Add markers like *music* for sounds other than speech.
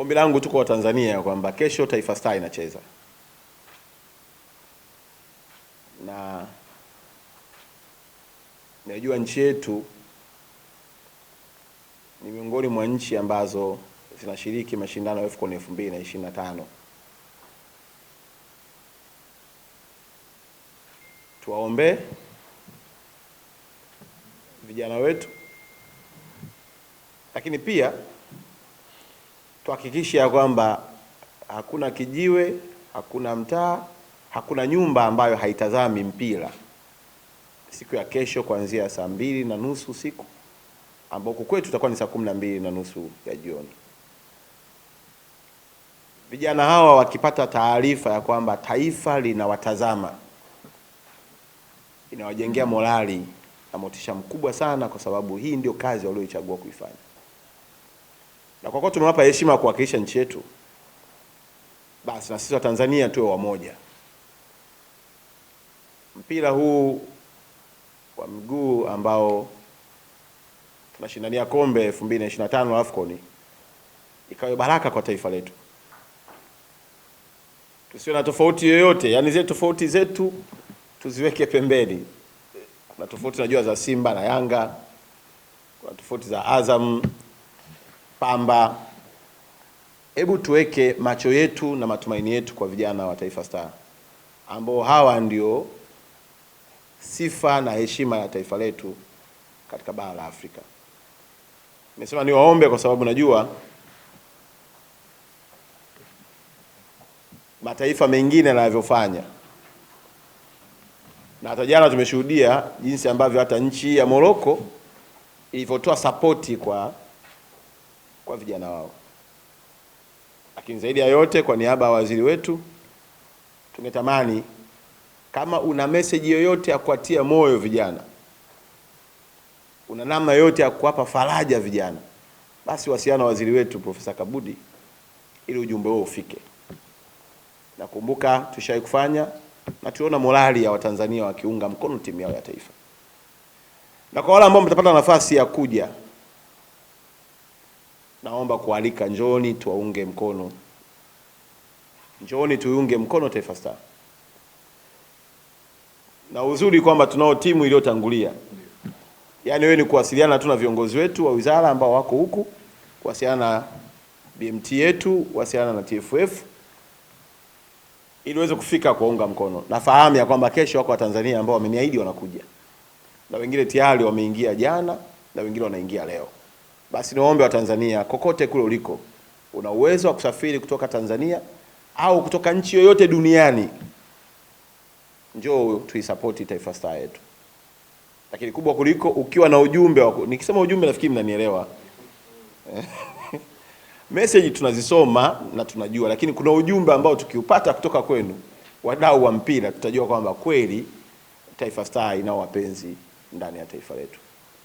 Ombi langu tuko Watanzania kwamba kesho Taifa Star inacheza na najua nchi yetu ni miongoni mwa nchi ambazo zinashiriki mashindano ya AFCON 2025. Tuwaombe vijana wetu, lakini pia tuhakikishe ya kwamba hakuna kijiwe, hakuna mtaa, hakuna nyumba ambayo haitazami mpira siku ya kesho kuanzia saa mbili na nusu usiku ambao kwetu tutakuwa ni saa kumi na mbili na nusu ya jioni. Vijana hawa wakipata taarifa ya kwamba taifa linawatazama, inawajengea morali na motisha mkubwa sana, kwa sababu hii ndio kazi walioichagua kuifanya na kwa kuwa tumewapa heshima ya kuwakilisha nchi yetu, basi na sisi wa tanzania tuwe wamoja. Mpira huu wa miguu ambao tunashindania kombe 2025 AFCON ikawe baraka kwa taifa letu, tusiwe na tofauti yoyote, yaani zile tofauti zetu tuziweke pembeni. Kuna tofauti najua za Simba na Yanga, kuna tofauti za Azam kwamba hebu tuweke macho yetu na matumaini yetu kwa vijana wa Taifa Star ambao hawa ndio sifa na heshima ya taifa letu katika bara la Afrika. Nimesema niwaombe kwa sababu najua mataifa mengine yanavyofanya, na hata jana tumeshuhudia jinsi ambavyo hata nchi ya Morocco ilivyotoa sapoti kwa kwa vijana wao. Lakini zaidi ya yote, kwa niaba ya waziri wetu, tungetamani kama una meseji yoyote ya kuatia moyo vijana, una namna yoyote ya kuwapa faraja vijana, basi wasiana waziri wetu Profesa Kabudi ili ujumbe huo ufike. Nakumbuka tushawai kufanya na tuliona morali ya Watanzania wakiunga mkono timu yao ya taifa. Na kwa wale ambao mtapata nafasi ya kuja naomba kualika, njoni tuwaunge mkono, njoni tuiunge mkono Taifa Star. Na uzuri kwamba tunao timu iliyotangulia, yaani wewe ni kuwasiliana tu na viongozi wetu wa wizara ambao wako huku, kuwasiliana na BMT yetu, kuwasiliana na TFF ili uweze kufika kuwaunga mkono. Nafahamu ya kwamba kesho wako Watanzania ambao wameniahidi wanakuja, na wengine tayari wameingia jana na wengine wanaingia leo. Basi niwaombe Watanzania kokote kule uliko, una uwezo wa kusafiri kutoka Tanzania au kutoka nchi yoyote duniani, njoo tuisapoti Taifa Star yetu. Lakini kubwa kuliko ukiwa na ujumbe wa nikisema ujumbe nafikiri mnanielewa *laughs* message tunazisoma na tunajua, lakini kuna ujumbe ambao tukiupata kutoka kwenu wadau wa mpira, tutajua kwamba kweli Taifa Star inao wapenzi ndani ya taifa letu.